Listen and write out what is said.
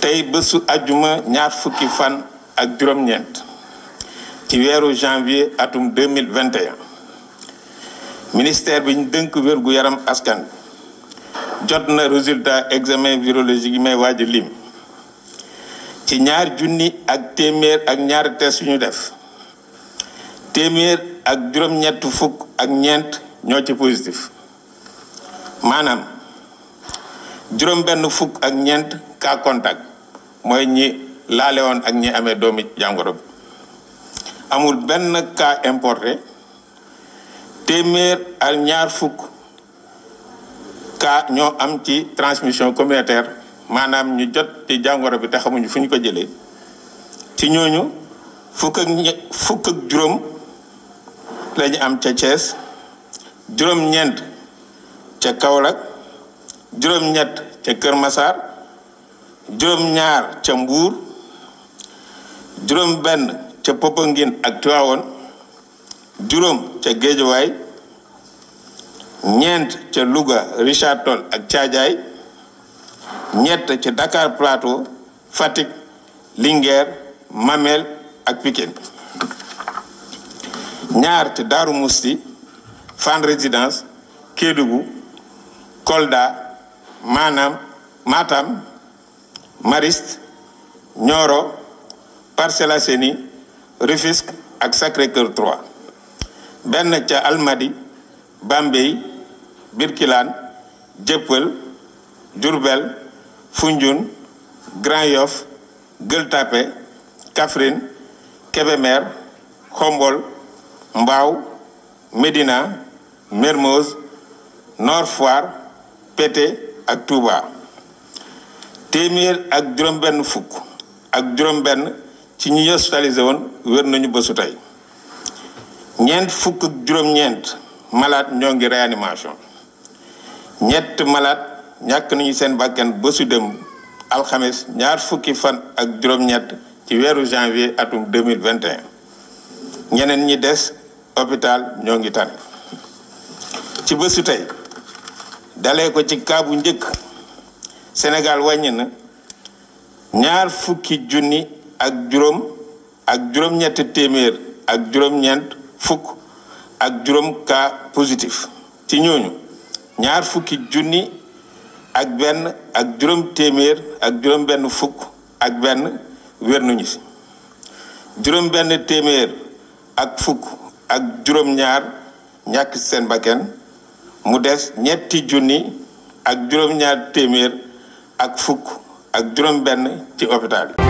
tey bésu ajjuma ñaar fukki fan ak juróom-ñeent ci weeru janvier atum 2021 ministère bi dënk wérgu yaram askan jot na résultat examen virologique yi may waaj lim ci ñaar junni ak téeméer ak ñaari test yu ñu def téeméer ak juróom-ñett fukk ak ñeent ñoo ci positif maanaam juróom benn fukk ak ñeent cas contact mooy ñi laale woon ak ñi amee doomi jàngoro bi amul benn cas importé téeméer ak ñaar fukk cas ñoo am ci transmission communautaire maanaam ñu jot ci jàngoro bi te xamuñu fu ñu ko jëlee ci ñooñu fukk juróom lañu am ca Thiès juróom-ñeent ca Kaolack juróom-ñett ca Kër Massar juróom-ñaar ca Mbuur juróom-benn ca Popenguine ak Tivaouane juróom ca Géejawaay ñeent ca Louga Richard Toll ak caajaay ñett ca Dakar Plateau Fatick Linguère Mamel ak Pikine ñaar ca Daaru Musti Fann Résidence Kédougou Kolda maanaam Matam Mariste Nioro Parcelles Assainies Rufisque ak Sacré-Cœur 3 benn ca Almadi Bambey Birkilane Dieuppeul Diourbel Foundiougne Grand Yoff Gueule Tapée Kaffrine Kébémer Khombol Mbao Médina Mermoz Nord Foire ak Touba téeméer ak juróom-benn fukk ak juróom-benn ci ñi hospitalisé woon wér nañu bésu tey ñeent fukk ak juróom-ñeent malade ñoo ngi réanimation ñett malaat ñàkk nañu seen bakkan bésu dem alxames ñaar fukki fan ak juróom-ñett ci weeru janvier atum 2021 ñeneen ñi des hôpital ñoo ngi tane ci bésu tey dalee ko ci kaabu njëkk Sénégal wàññi na ñaar fukki junni ak juróom ak juróom-ñetti téeméer ak juróom-ñeent fukk ak juróom cas positif ci ñooñu ñaar fukki junni ak benn ak juróom téeméer ak juróom benn fukk ak benn wér nañu juróom benn téeméer ak fukk ak juróom ñaar ñàkk seen mu des ñetti junni ak juróom ñaar téeméer ak fukk ak juróom-benn ci hôpital yi.